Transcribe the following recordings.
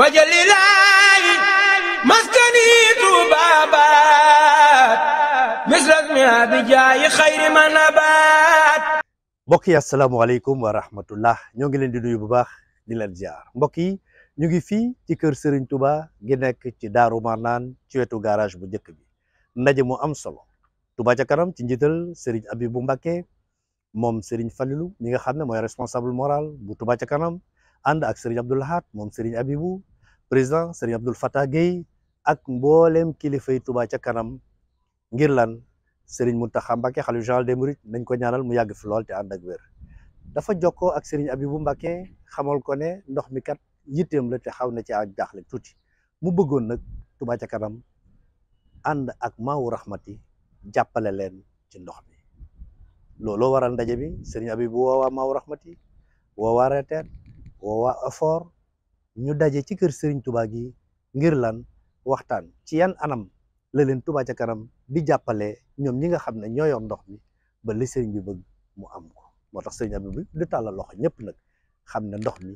wajalilaayi maskani Tuubaa baat misras mi abijaayi yi asalaamaaleykum wa rahmatullah ñoo ngi leen di nuyu bu baax di leen ziar mbokk yi ñu ngi fii ci kër Serigne Touba gi nekk ci Daaru Marnaan ci wetu garage bu njëkk bi ndaje mu am solo Touba ca kanam ci njiital Serigne Abibou Mbacké moom Serigne Falilou mi nga xam ne mooy responsable moral bu Touba kanam ànd ak Serigne Abdoul Ahad moom Serigne Abibou président Serigne Abdoul Fattah Guèye ak mboolem kilifay Touba ca kanam ngir lan Serigne Mountakha Mbacké xalifa général des mourides nañ ko ñaanal mu yàgg fi lool te ànd ak wér dafa jokko ak Serigne Abibou Mbacké xamal ko ne ndox mi kat yitteem la te xaw na ci ak jaaxle tuuti mu bëggoon nag Touba ca kanam ànd ak Maawu Rahmati jàppale leen ci ndox mi looloo waral ndaje bi Serigne Abibou woowaa Maawu Rahmati woowaa Reter woowaa Afor ñu daje ci kër Serigne Touba gi ngir lan waxtaan ci yan anam la leen Touba ca kanam di jàppale ñoom ñi nga xam ne ñoo yor ndox mi ba li sëriñ bi bëgg mu am ko moo tax sëriñ Abdou bi di tàllal loxo ñëpp nag xam ne ndox mi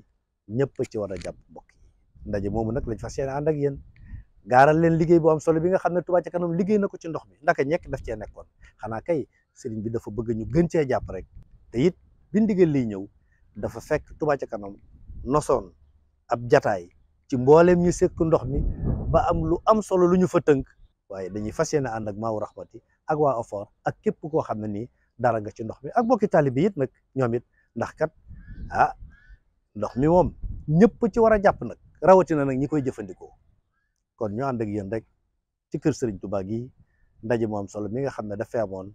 ñëpp ci war jàpp mbokk yi ndaje moomu nag lañ fas yéene ànd ak yéen gaaral leen liggéey bu am solo bi nga xam ne tubaa ca kanam liggéey na ko ci ndox mi ndaka ñekk daf cee nekkoon xanaa kay sëriñ bi dafa bëgg ñu gën cee jàpp rek te it bi li ñëw dafa fekk tubaa ca kanam noson ab jataay ci mbooleem ñu sekk ndox mi ba am lu am solo lu ñu fa tënk waaye dañuy fas yéene ànd ak maawu raxmati ak waa OFOR ak képp koo xam ne nii dara nga ci ndox mi ak bokki taalibe yi it nag ñoom it ndax kat ah ndox mi moom ñëpp ci war a jàpp nag rawatina nag ñi koy jëfandikoo kon ñu ànd ak yéen rek ci kër sëriñ Touba gi ndaje mu am solo mi nga xam ne dafay amoon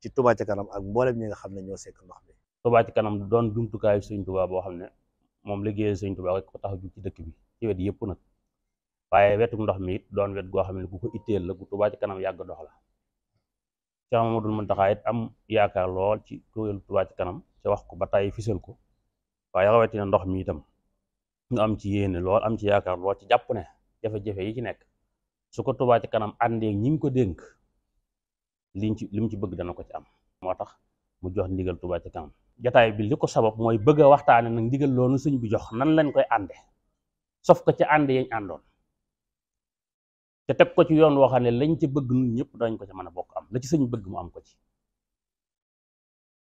ci Touba ci kanam ak mboolem ñi nga xam ne ñoo sekk ndox mi. Touba ci kanam doon jumtukaayu Serigne boo xam ne. moom liggéeyal sëñ Tuubaa ko tax a ci dëkk bi ci wet yëpp nag waaye wetu ndox mi it doon wet goo xam ne gu ko itteel la gu Tuubaa ci kanam yàgg dox la Cheikh Mamadou Muntaxa it am yaakaar lool ci kuréelu Tuubaa ci kanam ci wax ko ba tàyyi fisal ko waaye rawatina ndox mi itam nga am ci yéene lool am ci yaakaar lool ci jàpp ne jafe-jafe yi ci nekk su ko tubaa ci kanam àndee ñi ko dénk liñ ci li ci bëgg dana ko ci am moo tax mu jox ndigal tubaa ci kanam jataay bi li ko sabab mooy bëgg a waxtaane nag ndigal loolu sëñ bu jox nan lañ koy ànde sof ko ci ànd yañ àndoon te teg ko ci yoon woo xam ne lañ ca bëgg nun ñëpp dañ ko ci mën a bokk am la ci sëñ bëgg mu am ko ci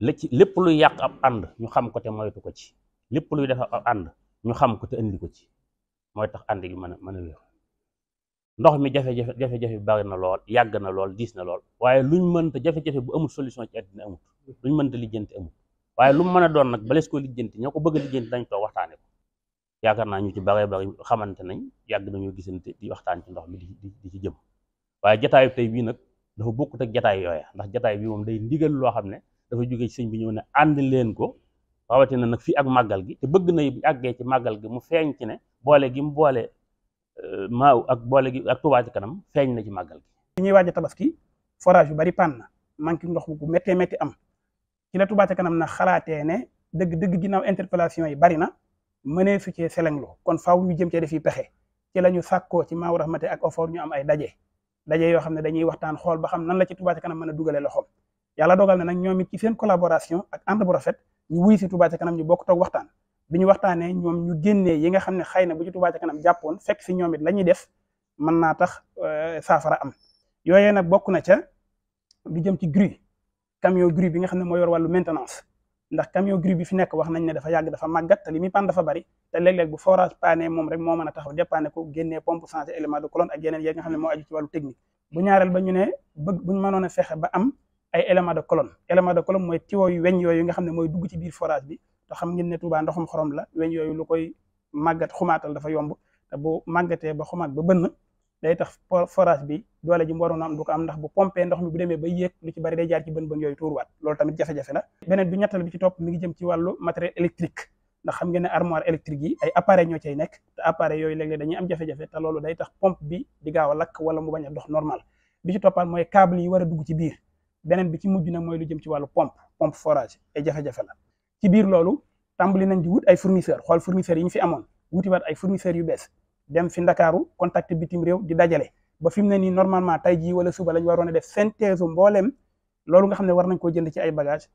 la lépp luy yàq ab ànd ñu xam ko te ko ci lépp luy def ab ànd ñu xam ko te indi ko ci mooy tax ànd gi mën a mën a wér ndox mi jafe-jafe jafe-jafe na lool yàgg na lool diis na lool waaye luñ mënta jafe-jafe bu amul solution ci àddina amut luñ mënta lijjante amut waaye lu mu mën a doon nag bales ko lijjanti ñoo ko bëgg a lijjanti dañ toog waxtaane ko yaakaar naa ñu ci bare bare xamante nañ yàgg nañoo gisante di waxtaan ci ndox mi di di ci jëm waaye jataayu tey bii nag dafa bokkut ak jataay yooya ndax jataay bi moom day ndigal loo xam ne dafa jóge ci sëñ bi ñëw ne ànd leen ko rawatina nag fii ak màggal gi te bëgg na àggee ci màggal gi mu feeñ ci ne boole gi mu boole euh, maaw ak boole gi ak Touba Ca Kanam feeñ na ci màggal gi. ñuy bari panne na manque ndox bu méttee métti am. ci la Touba ca kanam na xalaatee ne dëgg dëgg ginaaw interpellation yi bari na mënee su cee selenglu kon faaw ñu jëm cee defi pexe ci la ñu sàkkoo ci maaw rahmate ak ofoor ñu am ay daje daje yoo xam ne dañuy waxtaan xool ba xam nan la ci Touba ca kanam mën a dugalee loxoom yàlla dogal na nag ñoom it ci seen collaboration ak ànd bu rafet ñu wuy si Touba ca kanam ñu bokk toog waxtaan bi ñu waxtaanee ñoom ñu génnee yi nga xam ne xëy na bu ci Touba ca kanam jàppoon fekk si ñoom it la def mën naa tax euh, saafara am yooyee nag bokk na ca lu jëm ci grue camion grue bi nga xam ne moo yor wàllu maintenance ndax camion grue bi fi nekk wax nañ ne dafa yàgg dafa màggat te li muy pan dafa bari te léeg-léeg bu moo mën a taxaw dépanne ko génnee pompe changé élément de colonne ak yeneen yi nga xam ne moo ñaareel ba ñu ne bëgg buñ mënoon a fexe ba am ay élément de colonne élément de colonne mooy tiwo yu weñ yooyu nga xam ne mooy dugg ci biir forage bi te xam ngeen ne Tuubaa ndoxum xorom la weñ yooyu lu koy màggat xumaatal dafa yomb te bu màggatee ba xumaat ba bënn day tax forage bi doole ji mu waroon am du ndax bu pompé ndox mi bu demee ba yéeg lu ci bari day jaar ci bën bën yooyu tuuruwaat loolu tamit jafe-jafe la beneen bi ñettal bi ci topp mi ngi jëm ci wàllu matériel électrique ndax xam ngeen ne armoire électrique yi ay appareil am jafe-jafe te tax pompe bi di gaaw a lakk wala mu bañ a dox normal ci toppaat mooy câble yi war a dugg ci biir beneen bi ci mujj na mooy lu jëm ci wàllu pompe pompe forage ay jafe-jafe la ci biir loolu tàmbali nañ di wut ay fournisseur xool fournisseurs yi ñu fi amoon wutiwaat ay fournisseurs yu bees dem fi ndakaaru contact bitim réew di dajale ba fi mu ne nii normalement tey jii wala suba lañ waroon a def synthèse mbooleem loolu nga xam ne war nañ koo jënd ci ay bagage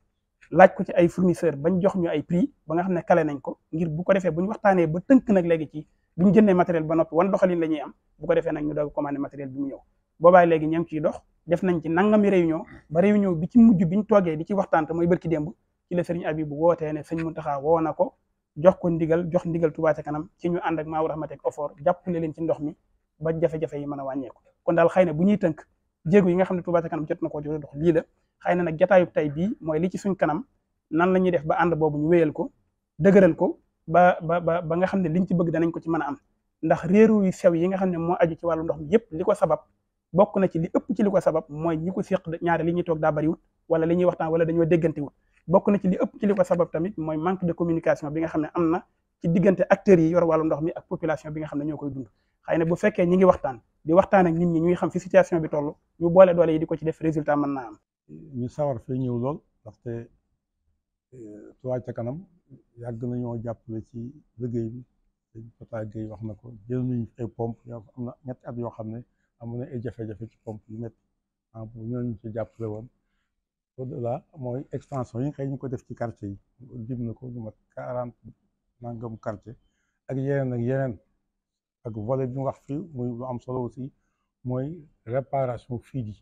laaj ko ci ay fournisseur bañ jox ñu ay prix ba nga xam ne kale nañ ko ngir bu ko defee bu ñu waxtaanee ba tënk nag léegi ci bu ñu jëndee matériel ba noppi wan doxalin la ñuy am bu ko defee nañ ñu doog commandé matériel bi mu ñëw boobaay léegi ña ngi ciy dox def nañ ci nangami réunion ba réunion bi ci mujj bi ñu toogee di ci waxtaan te mooy bërki démb ci la sëriñ Abibu wootee ne sëñ Muntaxa woo na ko jox ko ndigal jox ndigal Touba ca kanam ci ñu ànd ak ma Rahmatek Ofor jàppale leen ci ndox mi ba jafe-jafe yi mën a wàññeeku kon daal xëy na bu ñuy tënk jéego yi nga xam ne Touba ca kanam jot na ko jot dox lii la xëy na nag tey bii mooy li ci suñ kanam nan la ñuy def ba ànd boobu ñu wéyal ko dëgëral ko ba ba ba nga xam ne liñ ci bëgg danañ ko ci mën a am ndax réeru yu sew yi nga xam ne moo aju ci wàllu ndox mi yépp li ko sabab bokk na ci li ëpp ci li ko sabab mooy ñi ko séq ñaar li ñuy toog daa bariwut wala li ñuy waxtaan wala dañoo déggantewut bokk na ci li ëpp ci li ko sabab tamit mooy manque de communication bi nga xam ne am na ci diggante acteurs yi yor wàllu ndox mi ak population bi nga xam ne ñoo koy dund xay na bu fekkee ñi ngi waxtaan di waxtaan ak nit ñi ñuy xam fi situation bi toll ñu boole doole yi di ko ci def résultat mën naa am. ñu sawar fee ñëw lool ndaxte euh, Touba ca kanam yàgg nañoo jàppale ci liggéey bi dañ ko wax na ko jël nañu ay pompe yoo am na ñetti at yoo xam ne amoon na ay jafe ci pompe yu métti ah ñooñu ci jàppale woon. au-delà mooy extension yi nga ñu ko def ci quartier yi jëm na ko lu mat quarante nangam quartier ak yeneen ak yeneen ak volet bi mu wax fii muy lu am solo aussi mooy reparation fii yi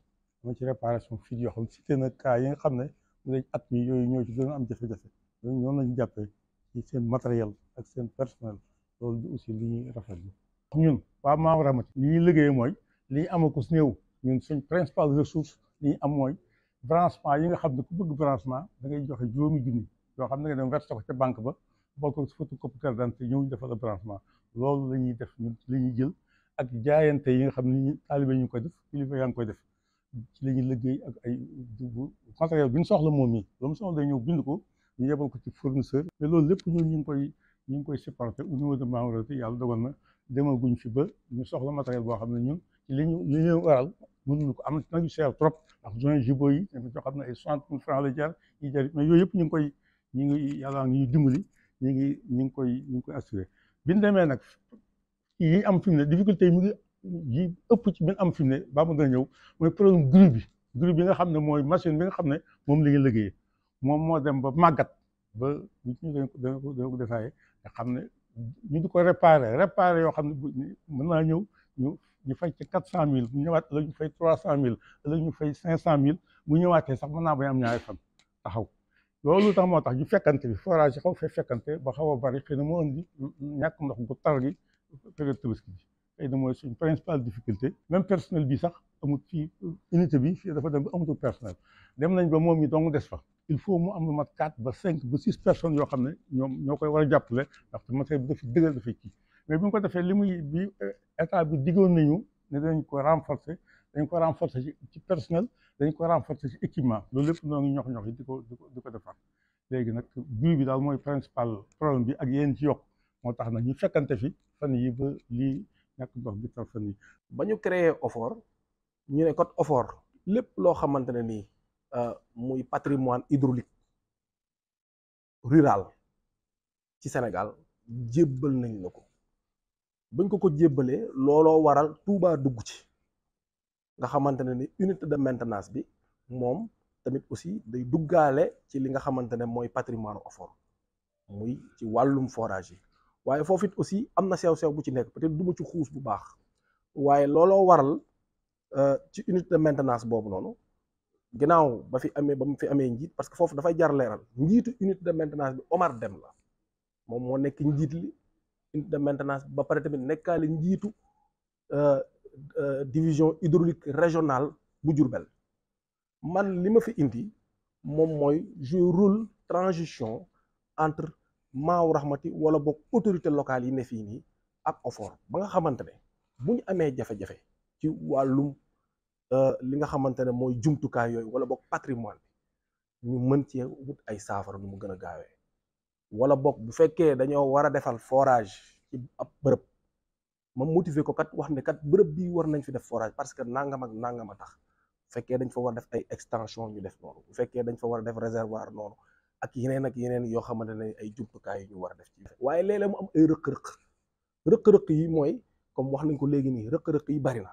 am ci réparation fuites yoo xam cité na cas yi nga xam ne léegi at mi yooyu ñoo ci gën a am jafe-jafe jàppee ci seen matériel ak seen personnel loolu di aussi li ñuy rafetlu ñun waa Maou Rahmati li ñuy liggéey mooy li ñu ama ko si néew ñun suñ principal ressource li ñu am mooy branchement yi nga xam ne ku bëgg branchement da ngay joxe juróomi junni yoo xam ne nga dem versé ko ca banque ba bokk ko photocopie carte d'identité ñëw ñu defal la branchement loolu la ñuy def ñun la ñuy jël ak jaayante yi nga xam ne ñu taalibe ñu ngi koy def kilifa yaa koy def ci la ñuy ak ay matériel bi ñu soxla moom yi lu mu soxla ñëw bind ko ñu yebal ko ci fournisseur mais loolu lépp ñun ñu ngi koy ñu ngi koy supporté au niveau de Mamourati yàlla dogal na demaguñ fi ba ñu soxla matériel boo xam ne ñun li ñu li ñu waral mënuñu ko am nañu cher trop ndax joint yi tamit yoo xam ay soixante mille francs la jar yi jar mais yooyu yëpp ñu ngi koy ñu ngi yàlla ngi ñuy dimbali ñu ngi ñu ngi koy ñu ngi koy bi ñu demee nag yi am fi mu ne difficulté yi mu ngi yi ëpp ci bi am fi ne baa mu gën a ñëw mooy problème grue bi grue bi nga xam ne mooy machine bi nga xam ne moom la ñu liggéeyee moom moo dem ba màggat ba ñu dañ ko de ko nga xam ne ñu di ko réparé réparé yoo xam ne mën naa ñëw ñu fay ci quatre cent mille bu ñëwaat ëllëg fay trois cent mille ëllëg ñu fay cinq cent mille bu ñëwaatee sax mën naa bañ am ñaari fan taxaw loolu tax moo tax ñu fekkante bi forage yi xaw fee fekkante ba xaw a bari xëy na moo indi ñàkk ndox gu tar gi période tabaski bi xëy na mooy suñ principale difficulté même personnel bi sax amul ci unité bi fii dafa dem ba amatul personnel dem nañ ba moom ñu dong des fa il faut mu am lu mat quatre ba cinq ba six personnes yoo xam ne ñoom ñoo koy war a jàppale ndaxte matériel bi dafa dëgër dafay kii mais bi ñu ko defee li muy bi euh, état bi diggoon nañu ne dañ ko renforcer dañ ko renforcer ci personnel dañ ko renforcer ci équipement loolu lépp noo ngi ñox ñox yi di ko du ko ko defar léegi nag bii bi daal mooy principal problème bi ak yéen ci yokk moo tax nag ñu fekkante fi fan yi ba lii ñàkk ndox bi tax fan yi ba ñu créé OFOR ñu ne code OFOR lépp loo xamante ne nii euh, muy patrimoine hydraulique rural ci Sénégal jébbal nañ la ko bañ ko ko jébbalee looloo waral Touba dugg ci nga xamante ne ni unité de maintenance bi moom tamit aussi day duggaale ci li nga xamante ne mooy patrimoine OFOR muy ci wàllum forage yi waaye foofu it aussi am na sew-sew bu ci nekk peut-être duma ci xuus bu baax waaye looloo waral euh, ci unité de maintenance boobu noonu ginnaaw ba fi amee ba mu fi amee njiit parce que foofu dafay jar leeral njiitu unité de maintenance bi Omar Dem la moom moo nekk njiit unité de ba pare tamit nekkaale njiitu euh, euh, division hydraulique régionale bu Diourbel man li ma fi indi moom mooy jouer rôle transition entre Maaw Rahmati wala boog autorité locale yi ne fii nii ak OFOR ba nga xamante ne bu amee jafe-jafe ci wàllum euh, li nga xamante ne mooy jumtukaay yooyu wala boog patrimoine bi ñu mën cee ay saafara nu mu gën a gaawee. wala boog bu fekkee dañoo war a defal forage ci ab bërëb ma motiver ko kat wax ne kat bërëb bi war nañ fi def forage parce que nangam ak nangam a tax bu fekkee dañ fa war a def ay extension ñu def noonu bu fekkee dañ fa war a def réservoir noonu ak yeneen ak yeneen yoo xamante ne ay jumtukaay yu ñu war a def ci waaye léeg mu am ay rëq-rëq rëq-rëq yi mooy comme wax nañ ko léegi nii rëq-rëq yi bari na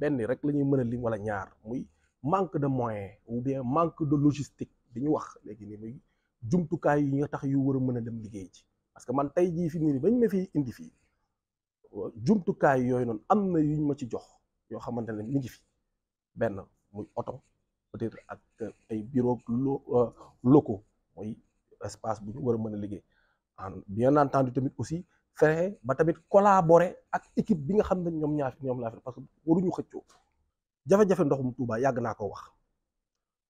benn rek la ñuy mën a lim wala ñaar muy manque de moyens ou manque de logistique bi ñu wax léegi nii jumtukaay yi nga tax yu war a mën a dem liggéey ci parce que man tey jii fi nii bañ ma fi indi fii jumtukaay yooyu noonu am na yuñ ma ci jox yoo xamante ne mi ngi fi benn muy oto peut-être ak euh, ay bureau euh, locaux mooy espace bu ñu war a mën a liggéey en bien entendu tamit aussi fexe ba tamit collaborer ak équipe bi nga xam ne ñoom ñaar ñoom laa fi parce que waruñu xëccoo jafe-jafe ndoxum Touba yàgg naa ko wax.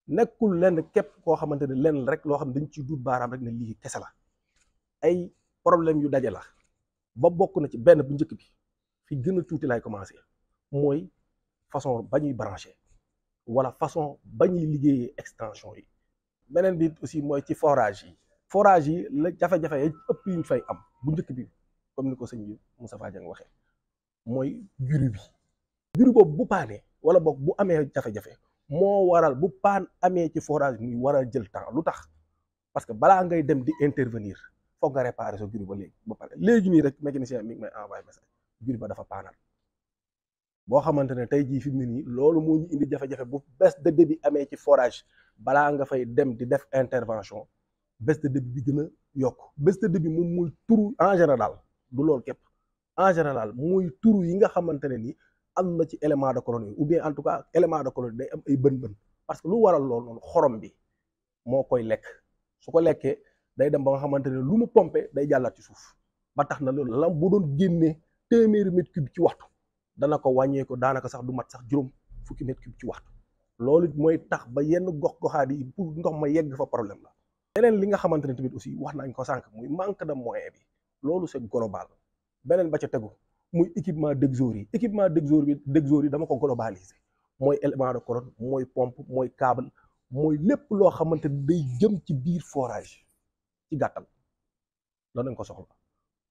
nekkul lenn képp koo xamante ne lenn rek loo xam ne dañ ciy duut baaraam rek na lii kese la ay problème yu daje la ba bokk na ci benn bu njëkk bi fi gën a tuuti lay commencé mooy façon ba ñuy branché wala façon ba ñuy liggéeyee extension yi beneen bi aussi mooy ci forage yi forage yi la jafe-jafe yi ëpp yuñ fay am bu njëkk bi comme ni ko sëñ bi Moustapha Dieng waxee mooy juru bi juru boobu bu paane wala boog bu amee jafe-jafe moo waral bu paan amee ci forage muy waral jël temps lu tax parce que balaa ngay dem di intervenir foog nga réparer sa guri ba léegi ba pare nii rek mécanicien mi ngi may envoyé message guri ba dafa paanal boo xamante ne tey jii fi mu ne nii loolu moo ñu indi jafe-jafe bu baisse de amee ci forage balaa nga fay dem di def intervention baisse de bi gën a yokk baisse de débit moom muy turu en général du loolu képp en général muy turu yi nga xamante ne nii am na ci élément de colonie ou bien en tout cas élément de colonie day am ay bën-bën parce que lu waral loolu noonu xorom bi moo koy lekk su ko lekkee day dem ba nga xamante ne lu mu pompe day jàllaat ci suuf ba tax na loolu lam bu doon génnee téeméeri mètre cube ci waxtu dana ko wàññee daanaka sax du mat sax juróom fukki mètre cube ci waxtu loolu mooy tax ba yenn gox-goxaat yi pour ndox ma yegg fa problème la. beneen li nga xamante ne tamit aussi wax nañ ko sànq muy manque de moyen bi loolu c'est global beneen ba ca tegu. muy équipement dëgg jour yi équipement dëgg jour bi dëgg jour dama ko globaliser mooy élément de colonne mooy pompe mooy câble mooy lépp loo xamante ni day jëm ci biir forage ci gàttal doo danañ ko soxla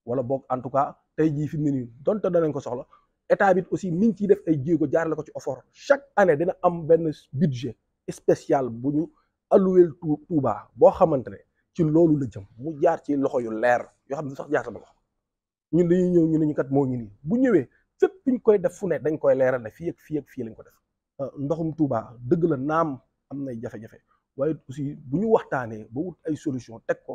wala boog en tout cas tey jii fi mu ne nii donte danañ ko soxla état bi aussi mi ngi ciy def ay jéego jaarale ko ci OFOR chaque année dina am benn budget spécial bu ñu alloué Touba boo xamante ne ci loolu la jëm mu jaar ci loxo yu leer yoo xam ne sax jaata na ko ñun dañuy ñëw ñun ne kat moo ngi nii bu ñëwee fépp ñu koy def fu ne dañ koy leeral ne fii ak fii ak fii lañ ko def ah, ndoxum tuubaa dëgg la naam am nay jafe-jafe aussi bu ñu waxtaanee ba ay solution teg ko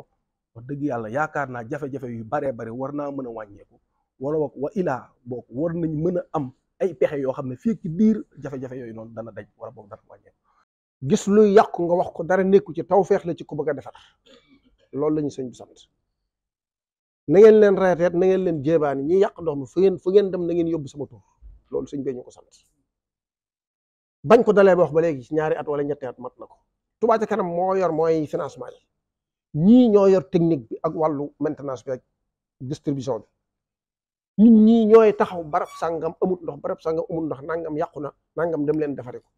dëgg yàlla yaakaar naa jafe yu baree bare war naa mën a wàññeeku wala wa wa ilaa boog war nañ mën a am ay pexe yoo xam ne fi ci biir jafe-jafe yooyu noonu dana daj wala boog dana wàññeeku. gis luy yàqu nga wax ko dara nekku ci tawfeex la ci ku bëgg a defar loolu lañu ñu sëñ sant. na ngeen leen reeteet na ngeen leen jéebaani ñi yàq ndox mi fu ngeen fu ngeen dem na ngeen yóbbu sama tur loolu sañ bee ñu ko sant bañ ko dalee ba ba léegi ñaari at wala ñetti at mat na ko Touba ca kanam moo yor mooy financement yi ñii ñoo yor technique bi ak wàllu maintenance bi ak distribution bi ñun ñii ñooy taxaw barab sàngam amut ndox barab sàngam amut ndox nangam yàqu na nangam dem leen defare ko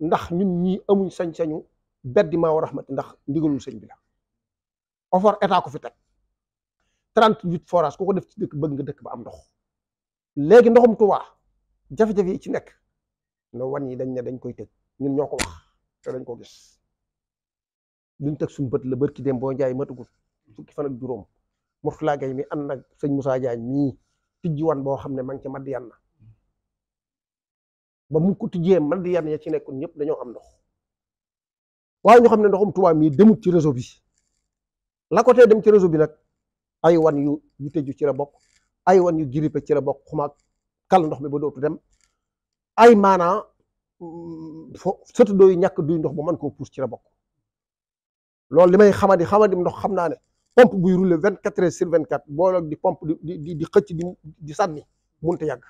ndax ñun ñii amuñ sañ-sañu beddi maa wa raxmati ndax ndigalul sëñ bi la offre 38 forage ku ko def ci dëkk bëgg nga dëkk ba am ndox léegi ndoxum Tuuba jafe-jafe yi ci nekk no wan yi dañ ne dañ koy tëj ñun ñoo ko wax te dañ ko gis luñ teg suñu bët la bërki dem boo njaay matugul fukki fan ak juróom Mourtala Gaye mi am nag sëñ Moussa Diagne mii tijjiwan boo xam ne ma ngi ca Madiyan na ba mu ko tijjee Madiyan ya ci nekkoon ñëpp dañoo am ndox waaye ñu xam ne ndoxum Tuuba mii demut ci réseau bi la ko dem ci réseau bi nag ay wan yu yu tëju ci la bokk ay wan yu grippe ci la bokk xumaag kal ndox mi ba dootu dem ay maana mm, fo sëtu dooy ñàkk duy ndox ba mën koo puus ci la bokk loolu li may xamadi xamadi ndox xam naa ne pompe buy rouler vingt quatre heures sur vingt quatre booloog di pompe di di di xëcc di di sànni te yàgg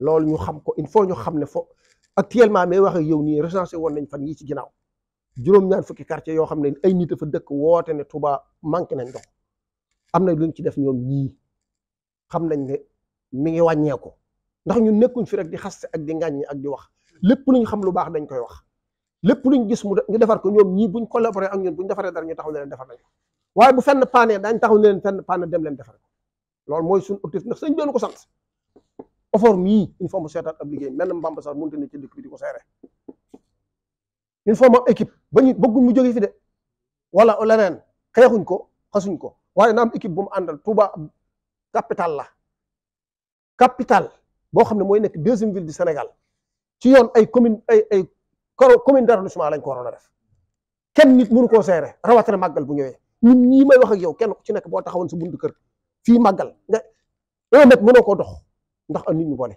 loolu ñu xam ko il faut ñu xam ne fo actuellement may wax ak yow nii recensé woon nañ fan yii ci ginaaw juróom-ñaar fukki quartier yoo xam ne ay nit a fa dëkk woote ne Touba manqué nañ ndox am na luñ ci def ñoom ñii xam nañ ne mi ngi wàññeeku ndax ñu nekkuñ fi rek di xaste ak di ngàññi ak di wax lépp luñ xam lu baax dañ koy wax lépp luñ gis mu ñu defar ko ñoom ñii buñ collaboré ak ñun buñ defaree dara ñu taxaw ne leen defar nañ ko waaye bu fenn paanee daañ taxaw fenn paane dem leen defar ko loolu suñu objectif ndax sëñ doonu ko sant ofor mii il faut mu seetaat ab liggéey menn mbamba sax mënut ne ci dëkk bi di ko seere il équipe ba ñu bëgg mu jóge fi de wala leneen xeexuñ ko xasuñ ko waaye na am équipe bu mu àndal Touba capital la capital boo xam ne mooy nekk deuxième ville du Sénégal ci yoon ay commune ay ay commune d'arrondissement lañ ko waroon a def kenn nit mënu koo seere rawatina màggal bu ñëwee ñun ñii may wax yow kenn ku ci nekk boo taxawoon sa buntu kër fii màggal nga un mètre mënoo dox ndax a nit ñu boole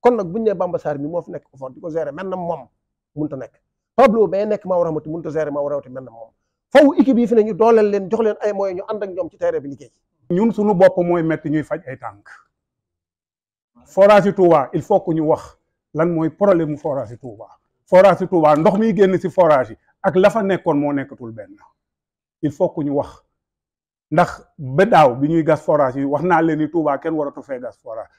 kon nag buñu nee Bamba Sarr mi moo fi nekk ko fort di ko gérer mel na moom mënut a nekk Pablo bay nekk maa war a xamante mënut a gérer maa war a moom foofu équipe yi fi ne ñu dooleel leen jox leen ay mooy ñu ànd ak ñoom ci terrain bi liggéey. ñun suñu bopp mooy metti ñuy faj ay tànk forage Touba il faut que ñu wax lan mooy problème mu forage Touba forage Touba ndox mi génn si forage yi ak la fa nekkoon moo nekkatul benn il faut que ñu wax ndax ba daaw bi ñuy gas forage yi wax naa leen ni Touba kenn waratu fee gas forage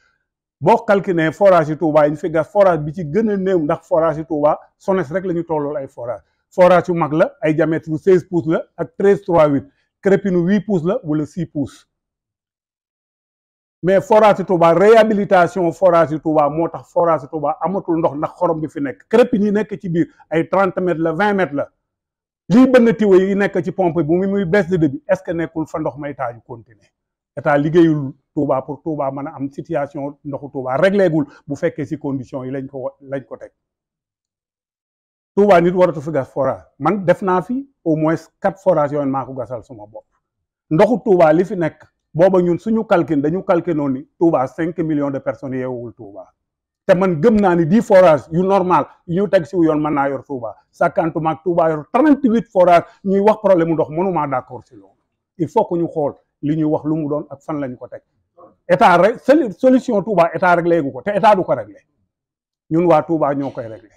boo calculé forage yi Touba yi ñu fi gas forage bi ci gën a néew ndax forage yi Touba Sones rek la ñu tollool ay forage forage yu mag la ay diamètre yu seize pouces la ak treize trois huit crépinu huit pouces la wala six pouces mais forage yu Touba réhabilitation forage yu Touba moo tax forage yu Touba amatul ndox ndax xorom bi fi nekk crépine yi nekk ci biir ay trente mètres la vingt mètres la lii bënn tiwo yi nekk ci pompe bu muy muy baisse de débit est-ce que nekkul fa ndox may taaju continuer état liggéeyul Touba pour Touba mën a am situation ndoxu Touba réglé bu fekkee si condition yi lañ ko lañ ko teg Touba nit waratu fi gas forage man def naa fi au moins quatre forages yooyu maa ko gasal suma bopp ndoxu Touba li fi nekk booba ñun suñu calcul dañu calculoon ni Touba cinq millions de personnes yeewul Touba te man gëm naa ni dii forages yu normal yu ñu teg si yoon man naa yor Touba sàkkantuma ak Touba yor trente huit forages ñuy wax problème mu ndox mënuma d'accord si loolu il faut que ñu xool li ñuy wax lu mu doon ak fan lañu ko teg état rek solution Touba état réglé gu ko te état du ko réglé ñun waa Touba ñoo koy réglé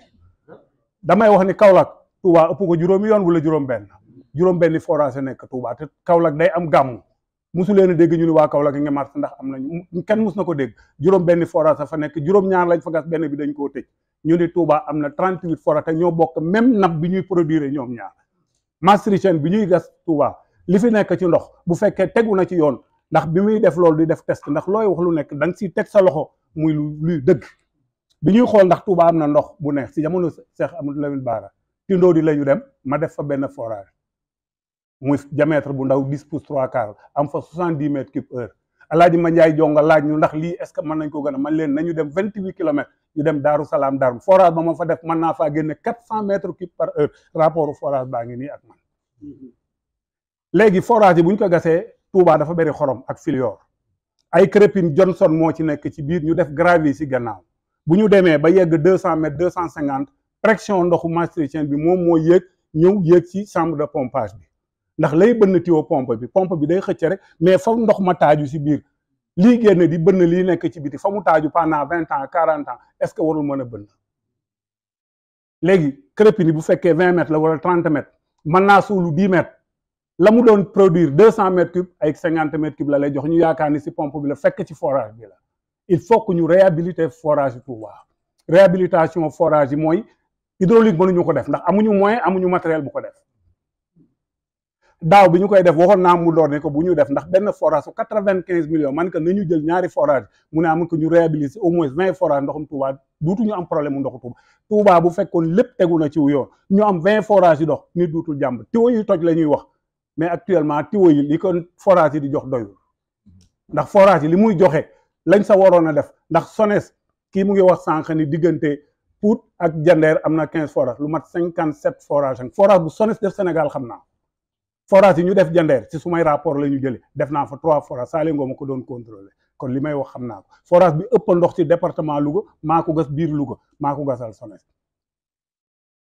damay wax ni Kaolack Touba ëpp ko juróomi yoon wu la juróom-benn juróom-benn forage nekk Touba te Kaolack day am gàmm musu leen a dégg ñu ni waa Kaolack nga mars ndax am nañu kenn mus na ko dégg juróom-benn forage fa nekk juróom-ñaar lañ fa gas benn bi dañ koo tëj ñu ni Touba am na 38 forage te ñoo bokk même nappe bi ñuy produire ñoom ñaar maastrichtienne bi ñuy gas Touba li fi nekk ci ndox bu fekkee tegu na ci yoon ndax bi muy def loolu di def test ndax looy wax lu nekk da siy teg sa loxo muy luy dëgg. bi ñuy xool ndax Touba am na ndox bu neex si jamono Cheikh Amadou Lamine Bara tindoo di la ñu dem ma def fa benn forage mu diamètre bu ndaw dix pouces trois quarts am fa soixante dix mètres cube heure alaaji ma njaay jonga laaj ñu ndax lii est-ce que mën nañ ko gën man leen nañu dem vingt huit kilomètres ñu dem daaru salaam daaru forage ba ma fa def mën naa faa génne quatre cent mètres cube par heure rapport forage baa ngi nii ak man léegi forage yi bu ko gasee Touba dafa bëri xorom ak filior ay crépine Johnson moo ci nekk ci biir ñu def gravier si gannaaw bu ñu demee ba yegg deux cent mètres deux cent cinquante pression ndoxu maastrichtien bi moom moo yéeg ñëw yéeg ci chambre de pompage bi ndax lay bënn tiwo pompe bi pompe bi day xëcc rek mais fa ndox ma taaju si biir lii génn di bënn lii nekk ci biti fa mu taaju pendant vingt ans quarante ans est-ce que warul mën a bënn léegi crépini bu fekkee vingt mètres la wala trente mètres mën naa suulu dix mètres la mu doon produire deux cent mètres cubes ay cinquante mètres cubes la lay jox ñu yaakaar ni si pompe bi la fekk ci forage bi la il faut que ñu réhabiliter forage yi Touba réhabilitation forage yi mooy hydraulique mënuñu ko def ndax amuñu moyen amuñu matériel bu ko def daaw bi ñu koy def waxoon naa mu door ne ko bu ñu def ndax benn forage su quatre-vingt-quinze millions man que na ñu jël ñaari forage mu ne amun que ñu réhabiliter au moins vingt forage ndoxum Touba duutuñu am problème mu ndoxu Touba Touba bu fekkoon lépp tegu a ci yoon ñu am vingt forage yi dox nit duutul jàmb tiwo yi toj la ñuy wax mais actuellement tiwo yi li ko forage yi di jox doyul ndax forage yi li muy joxe lañ sa waroon a def ndax SONES kii mu ngi wax sànq ni diggante Pout ak Jandeer am na quinze forage lu mat cinquante sept forage ak forage bu SONES def Sénégal xam naa forage yi ñu def Jandeer ci sumay rapport la ñu jëlee def naa fa trois forage saale ngoo ma ko doon contrôler kon li may wax xam naa ko forage bi ëpp ndox ci département Louga maa ko gas biir Louga maa ko gasal SONES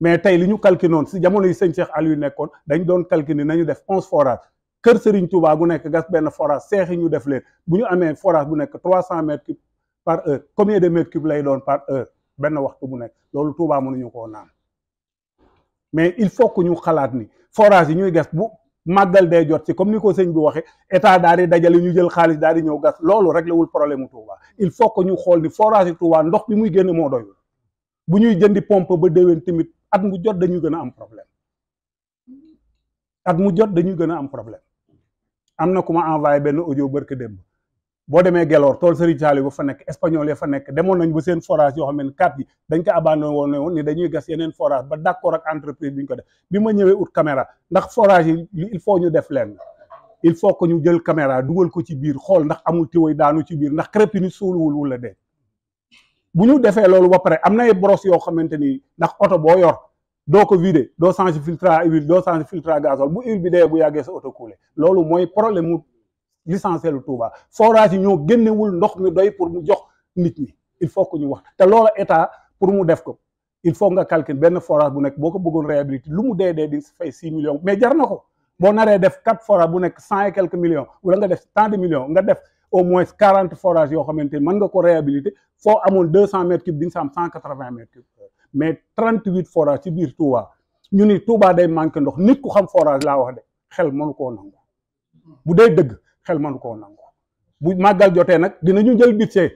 mais tey li ñu calculé noonu si jamono yi sëñ Cheikh Aliou nekkoon dañ doon calculer nañu def onze forage kër Serigne Touba bu nekk gas benn forage seex yi ñu def leen bu ñu amee forage bu nekk trois cent mètres cubes par heure combien de mètres cubes lay doon par heure benn waxtu bu nekk loolu Touba mënuñu koo naan mais il faut que ñu xalaat ni forage yi ñuy gas bu màggal day jot ci comme ni ko sëñ bi waxee état daal dajale ñu jël xaalis daal di ñëw gas loolu réglé wul problème mu Touba il faut que ñu xool ni forage yi Touba ndox bi muy génn moo doyul bu ñuy jëndi pompe ba déwén tamit at mu jot dañuy gën a am problème at mu jot dañuy gën a am problème. am na ku ma envoyé benn audio barke démb boo demee Gelor tool Serigne Saliou ba fa nekk espagnol ya fa nekk demoon nañ ba seen forage yoo xam ne kat yi dañ ko abandonné woon woon ni dañuy gas yeneen forage ba d'accord ak entreprise bi ñu ko def bi ma ñëwee ut caméra ndax forage yi il faut ñu def leen il faut que ñu jël caméra dugal ko ci biir xool ndax amul tiwoy daanu ci biir ndax crépit ni suuluwul wula de bu ñu defee loolu ba pare am na brosse yoo xamante ni ndax oto boo yor doo ko vider doo changer filtre à huile doo changer filtre à gazole bu huile bi dee bu yàggee sa oto loolu mooy problème mu l'essentiel Touba forage yi ñoo génnewul ndox mi doy pour mu jox nit ñi il faut que ñu wax te loola état pour mu def ko il faut nga calcule benn forage bu nekk boo ko bëggoon réhabilité lu mu dee dee di fay six millions mais jar na ko boo naree def quatre forages bu nekk cent et quelques millions wala nga def tant de millions nga def au moins quarante forages yoo xamante ni mën nga ko réhabilité foo amoon deux cent mètres cubes di nga sa am mais 38 forage ci biir Touba ñu ni Touba day manqué ndox nit ku xam forage laa wax de xel mënu koo nangu bu dee dëgg xel mënu koo nangu bu màggal jotee nag dinañu jël budget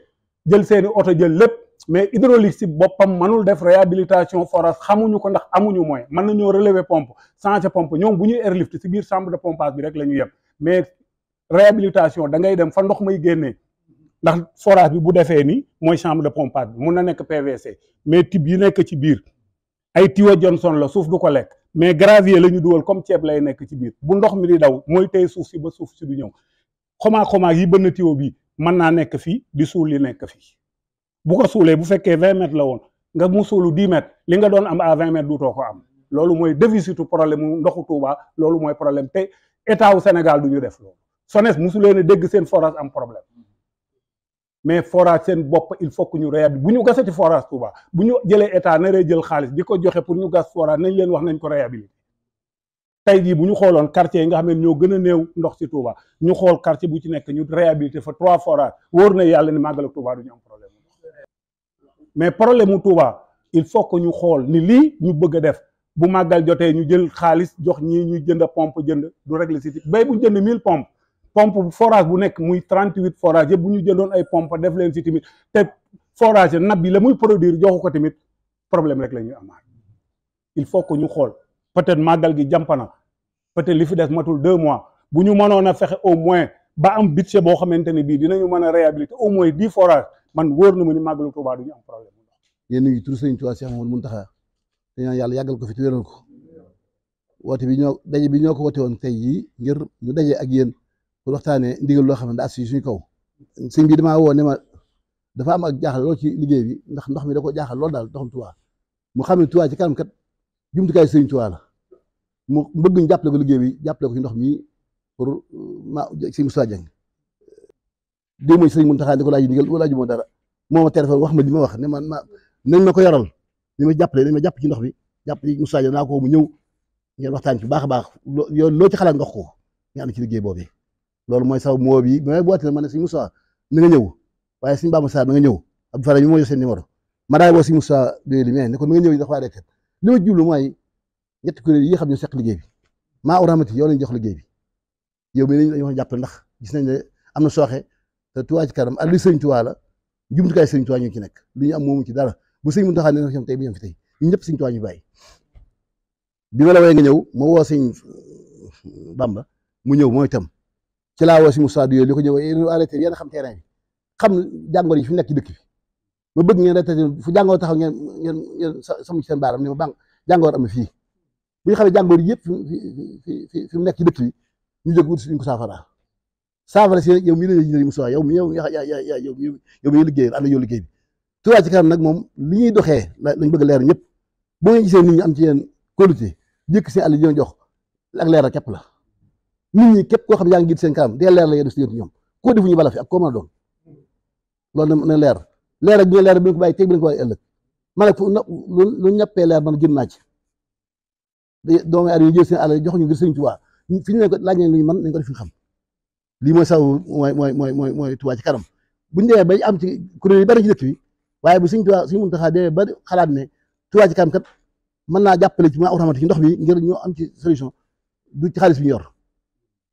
jël seeni oto jël lépp mais hydraulique si boppam mënul def réhabilitation forage xamuñu ko ndax amuñu moyen mën nañoo relever pompe changer pompe ñoom bu ñuy airlift si biir chambre de pompage bi rek la ñu yem mais réhabilitation da ngay dem fa ndox may génnee ndax forage bi bu defee ni mooy chambre de pompage bi mun na nekk PVC mais tib yi nekk ci biir ay tiwa Johnson la suuf du ko lekk mais gravier la ñu dugal comme ceeb lay nekk ci biir bu ndox mi di daw mooy tey suuf si ba suuf si du ñëw xoma xoma yi na tiwa bi mën naa nekk fii di suul li nekk fii bu ko suulee bu fekkee vingt mètres la woon nga mu suulu dix mètres li nga doon am à vingt mètres duutoo ko am loolu mooy déficitu problème mu ndoxu Touba loolu mooy problème état wu Sénégal du ñu def loolu SONES mosu leen a dégg seen forage am problème mais forage seen bopp il faut que ñu réhabilité bu ñu gasati forage Touba bu ñu jëlee état naree jël xaalis di ko joxe pour ñu gas forage nañ leen wax nañ ko réhabilité tey jii bu ñu xooloon quartier yi nga xam ne ñoo gën a néew ndox ci Touba ñu xool quartier bu ci nekk ñu réhabilité fa trois forages wóor na yàlla ni màggal ak du ñu am problème mais problème mu Touba il faut que ñu xool ni lii ñu bëgg a def bu màggal jotee ñu jël xaalis jox ñii ñu jënd pompe jënd du régler si bu jënd mille pompes pompe forage bu nekk muy trente huit forage yëpp bu ñu jëndoon ay pompe def leen si tamit te forage nab bi la muy produire joxu ko tamit problème rek la ñuy amaat il faut que ñu xool peut-être màggal gi jàmpana peut-être li fi des matul deux mois bu ñu mënoon a fexe au moins ba am budget boo xamante ne bii dinañu mën a réhabiliter au moins dix forages man wóor na mu ni màggalu Tuubaa du ñu am problème mu ndox. yéen a ngi tur a Tuubaa Cheikh Mamadou Mountakha te ñaan yàlla yàggal ko fi te wéral ko woote bi ñoo daje bi ñoo ko woote woon tey jii ngir ñu daje ak yéen. pour taane ndigal loo xam ne daa suñu kaw sëñ bi damaa woo ne dafa am ak jaaxal lool ci liggéey bi ndax ndox mi da ko jaaxal lool daal ndoxum Tuubaa mu xam ne Tuubaa ci kanam kat jumtukaay sëñ Tuubaa la mu bëgg ñu ko liggéey bi jàppale ko ci ndox mi pour uh, ma sëñ Moussa Dieng dé mooy sëñ ko laaj ndigal wala ju dara moo ma wax ma li ma wax ne man ma nañ ma ko yoral ni ma jàppale nañ ma jàpp ci ndox bi jàpp ci Moussa Dieng naa ko mu ñëw ngeen waxtaan ci bu baax a baax loo ci xalaat ndox ko ci liggéey boobee loolu mooy saw moo bi mais boo xam ne ma ne suñu Moussa na nga ñëw waaye suñu Bamba Sarr na nga ñëw Abdou Fara mi moo yor seen numéro ma daal boo suñu Moussa doy li mais ne ko na nga ñëw ndax waa Dekkel li ma jublu mooy ñetti kuréel yi xam ne seq liggéey bi maa uramati yow lañ jox liggéey bi yow mii lañ wax jàppale ndax gis nañ ne am na sooxe te Touba ci kanam ak li sëñ Touba la jumtukaay sëñ Touba ñu ci nekk li ñu am moomu ci dara bu sëñ Mountakha ne ñoom tey bi ñoom fi tey ñun ñëpp sëñ Touba ñu bàyyi bi ma la wooyee nga ñëw ma woo sëñ Bamba mu ñëw mooy tam ci laa woo si Moussa Diop li ko ñëw yéen arrêté yéen xam terrain bi xam jàngoro yi fi nekk ci dëkk bi ma bëgg ngeen arrêté fu jàngoro taxaw ngeen ngeen ngeen sam ci seen baaram ne ma bang jàngoro am na fii bu ñu xamee jàngoro yëpp fi fi fi mu nekk ci dëkk bi ñu jóg wut suñ ko saafara saafara si yow mii la ñuy Moussa yow mi yow yaa yaa yaa yow mi yow liggéey am na yow liggéey nag moom li ñuy doxee lañ bëgg leer ñëpp boo ngeen gisee nit ñi am ci yéen kóolute jëkk seen àll yi jox ak leer a la nit ñi képp koo xam yaa ngi gis seen kanam dee leer la yéen si yéen ñoom koo defuñu mën a doon loolu na leer leer ak ñu leer bi ñu ko bàyyi teg bi ñu ko bàyyi ëllëg man nag lu ñàppee leer man gën naa ci doomu aadama yi jël seen alal jox ñu ngir sëñ Tuubaa fi ñu ne ko laaj nañ lu ñu mën nañ ko def xam lii mooy saw mooy mooy mooy mooy mooy Tuubaa ci bu ñu demee ba am ci kuréel yi bari ci dëkk bi waaye bu sëñ mu sëñ Muntaxaa demee ba xalaat ne Tuubaa ci kanam kat mën naa jàppale ci ma awtamati ci ndox bi ngir ñoo am ci solution du ci xaalis bi yor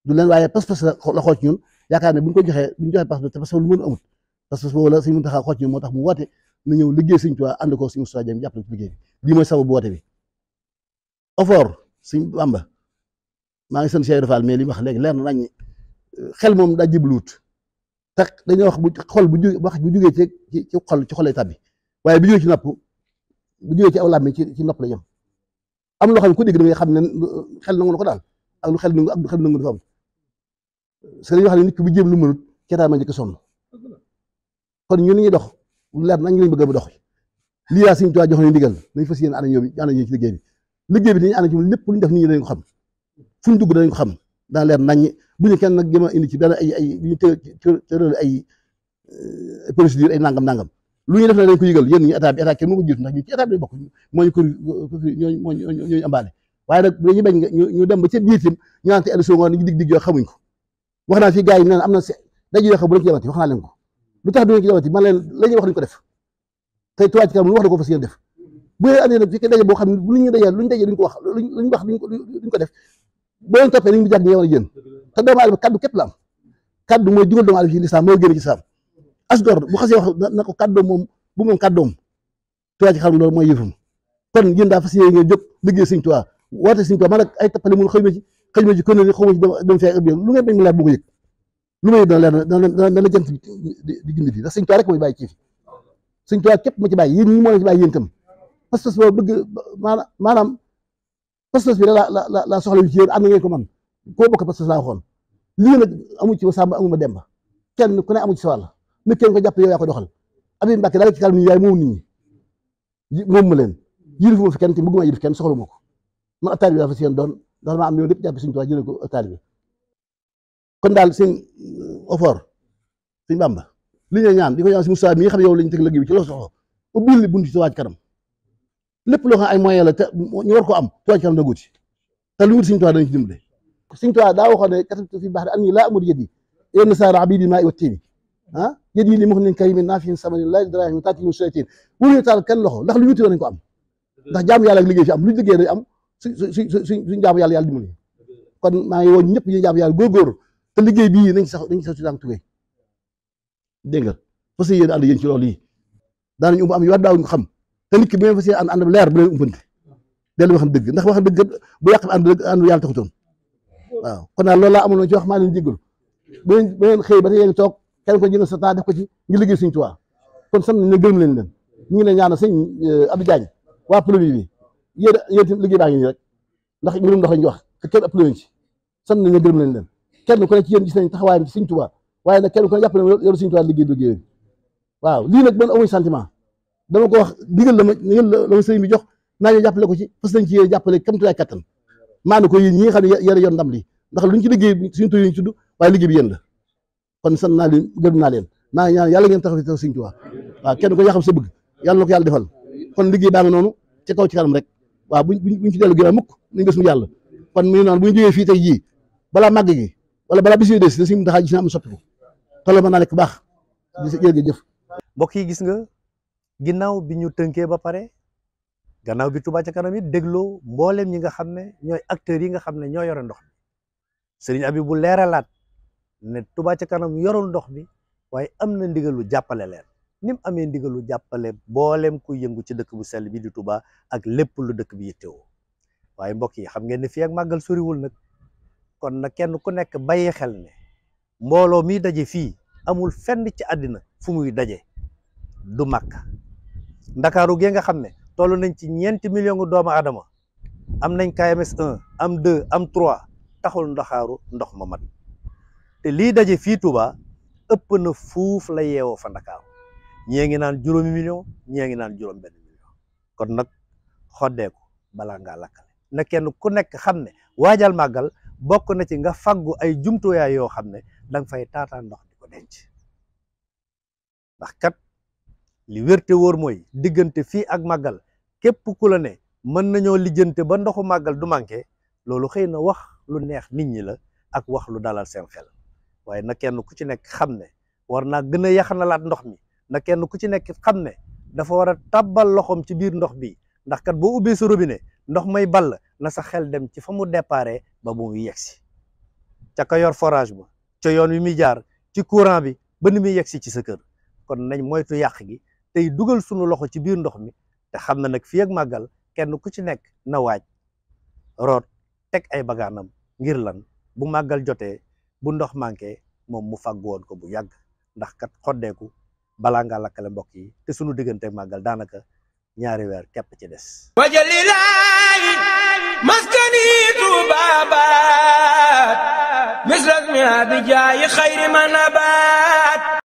du leen waaye pas-pas la xool ci ñun yaakaar ne bu ñu ko joxee bu ñu joxee pas-pas te pas-pas lu mën amut pas-pas boobu la suñu mën taxaa xool ci ñun moo tax mu woote maa ngi sant Cheikh Ibra mais li wax léegi leer na nañ euh, xel moom daa jibluwut tax dañoo wax bu xol bu ju wax bu jógee ci ci xol ci xol lay tàbbi waaye bu jógee ci nopp bu ci aw làmmiñ ci ci nopp la am loo xam ne ku dégg da ngay xam ne xel nangu na ko daal ak lu xel nangu ak lu xel nangu dafa parce que dañuy wax ne nit ki bu jéem lu mënut keetaan ma njëkk sonn kon ñuy dox leer nañ lañ bëgg a dox lii yaa Sëriñ Tuubaa jox nañu ndigal nañ fas yéene ànd ñoom ànd ñoom ci liggéey bi liggéey bi dañuy ànd ci moom lépp lu ñu def nit ñi dañ ko ñu dugg dañ ko xam daa leer nañ bu ñu kenn nag jëm a indi ci benn ay ay ñu tëral ay procédure nangam lu ñu def na dañ ko yëgal yéen ñu état bi état kenn mu ko jiitu ndax ñu ci état bi bokk moo bañ ñu dem ba ca biir tim ñu naan te élection ngoon ñu dig dig yoo xamuñ ko wax naa fi gars yi am na dañuy wax bu leen ci yabati wax naa ko lu tax du ngeen ci yabati man wax duñ ko def tey tuwaat ci wax da ko fas boo xam ne lu ñu daje ko wax luñ wax duñ ko def boo leen toppee ni mu jàgg ñeewal yéen te doomu aadama kaddu képp la am kaddu mooy dugal doomu aadama ci lislaam moo génn ci saam as gor bu xasee wax na ko kaddoom moom bu moom kaddoom tuwaat ci kanam loolu mooy yëfam kon yéen daa fas yéene ngeen jóg liggéey Sëñ Tuubaa woote Sëñ Tuubaa man nag ay tappale mun xëy ma xëy ma ci kon xaw ma ci dem fee ak lu ngeen bañ ma laaj boo ko yëg lu may dana di gindi bi ndax sëñ ci fi sëñ Tuubaa képp ma ci bàyyi yéen ñi moo leen ci bàyyi yéen itam pas-pas boo bëgg maanaam pas la la la la soxla yu am na ngeen ko man koo bokk pas-pas laa waxoon lii nag amu ci a amu ma Demba kenn ku ne amu ci sa wàll ken kenn ko jàpp yow yaa a doxal Abi Mbàkke daal ci kàddu yaay moom nit ñi moom ma leen yëlifuma fi kenn te bëgguma yëlif kenn soxla ma ko man attaar bi dafa seen daal maa am loolu lépp jàpp suñu Tuubaa jëlee ko taalibe kon daal seen effort euh, suñ Bàmba li ñu ñaan di ko ñaan si Moussa mi nga xam yow lañ teg liggéey bi ci loolu soxla ubbil li bunt ci Touba Ca Kanam lépp loo xam ay moyens la te ñu ko am Touba Ca Kanam danga wuti te lu wut suñu Tuubaa dañ ci dimbale suñu Tuubaa daa waxoon ne katabtu fii baxri annii laa amuru yadii ilaa nasaara abiidil maa'i ah, li muxnin kariimin naafi'in samanin laa yadurruhum taatiihim shaatiin wuñu taal loxo ndax lu ko am ndax jaamu yàlla ak liggéey fi am lu ñu liggéey dañ am su su su su suñ jaamu yàlla yàlla dimbali kon maa ngi woon ñëpp ñu jaamu yàlla góorgóorlu te liggéey bii nañ sax nañ sax si daan tukkee dégg nga fas yéene ànd yéen ci loolu yi daanañu umb am yu war daawuñu xam te nit ki bu ngeen fas yéene ànd ànd leer bu leen umpante dellu waxam dëgg ndax waxam dëgg bu yàq ànd ànd yàlla taxutoon waaw kon nag loolu laa amoon ci wax maa leen jégalu bu ngeen bu ngeen xëy ba tey yéen toog kenn ko jënd sa taa def ko ci ngir liggéey suñu tuwaa kon sant nañ ne gërëm leen leen ñu ngi leen ñaanal sëñ euh, Abdou Diagne waa plombier bi yéen yéen itam liggéey baa ngi nii rek ndax mbirum ndox lañu wax te kenn ëpp leen ci sant na la gërëm nañ leen kenn ku ne ci yéen gis nañ taxawaayam ci Sëriñ Tuubaa waaye nag kenn ku ne jàpp nañ yow Sëriñ Tuubaa liggéey ko wax digal la ma ngeen la ma sëriñ bi jox naa ñu jàppale ko ci fas nañ ci yéen jàppale kamtulaay kattan maa na ko yéen ñi nga xam ne yéen a li ndax luñ ci liggéey suñu tur yi ñu waaye liggéey bi yéen la kon sant naa leen gërëm naa leen maa ngi ñaan yàlla ngeen taxaw ci Sëriñ Tuubaa waaw kenn ko yaa xam sa bëgg yàlla ko yàlla defal kon liggéey baa noonu ci kaw ci kanam rek waaw buñ buñ ci dellu ginnaaw mukk nañ des mu yàlla kon mi ngi naan bu ñu jógee fii tey jii balaa màgg gi wala balaa bis yi des da siy mën a gis naa am soppiku tolloo mën naa lekk baax jërëjëf. mbokk yi gis nga ginnaaw bi ñu tënkee ba pare gannaaw bi Touba ca kanam it dégloo mboolem ñi nga xam ne ñooy acteurs yi nga xam ne ñoo yore ndox mi Serigne Abibou leeralaat ne Touba ca kanam yorul ndox mi waaye am na lu jàppale leen ni amee ndigalu jàppale boolem ku yëngu ci dëkk bu sell bi di tubaa ak lépp lu dëkk bi yittewoo waaye mbokk yi xam ngeen ne fii ak màggal soriwul nag kon nag kenn ku nekk bàyyi xel ne mbooloo mi daje fii amul fenn ci àddina fu muy daje du Makka ndakaaru gee nga xam ne toll nañ ci ñeenti million gu doomu aadama am nañ KMS 1 am 2 am 3 taxul ndaxaaru ndox ma mat te lii daje fii tubaa ëpp na fuuf la yeewoo fa ndakaaru ñii ngi naan juróomi million ñii ngi naan juróom benn million kon nag xoddeeku balaa ngaa lakkale na kenn ku nekk xam ne waajal màggal bokk na ci nga faggu ay jumtuwaay yoo xam ne dang fay taataan ndox di ko denc ndax kat li wérte mooy diggante fii ak màggal képp ku la ne mën nañoo lijjante ba ndoxu màggal du manqué loolu xëy na wax lu neex nit ñi la ak wax lu dalal seen xel waaye na kenn ku ci nekk xam ne war naa gën a laat ndox mi na kenn ku ci nekk xam ne dafa war a tabbal loxoom ci biir ndox bi ndax kat boo ubbee sa robine ndox may ball na sa xel dem ci fa mu déparé ba mu yegsi ca ka yor forage ba ca yoon wi muy jaar ci courant bi ba ni muy yegsi ci sa kër kon nañ moytu yàq gi tey dugal sunu loxo ci biir ndox mi te xam na nag fii ak màggal kenn ku ci nekk na waaj root teg ay bagaanam ngir lan bu màggal jotee bu ndox manqué moom mu fàgg woon ko bu yàgg ndax kat xoddeeku balaa ngaa lakkale mbokk yi te sunu diggante màggal daanaka ñaari weer képp ci des wajalilaayi maskani tubabat misras mi abijaayi xayri manabat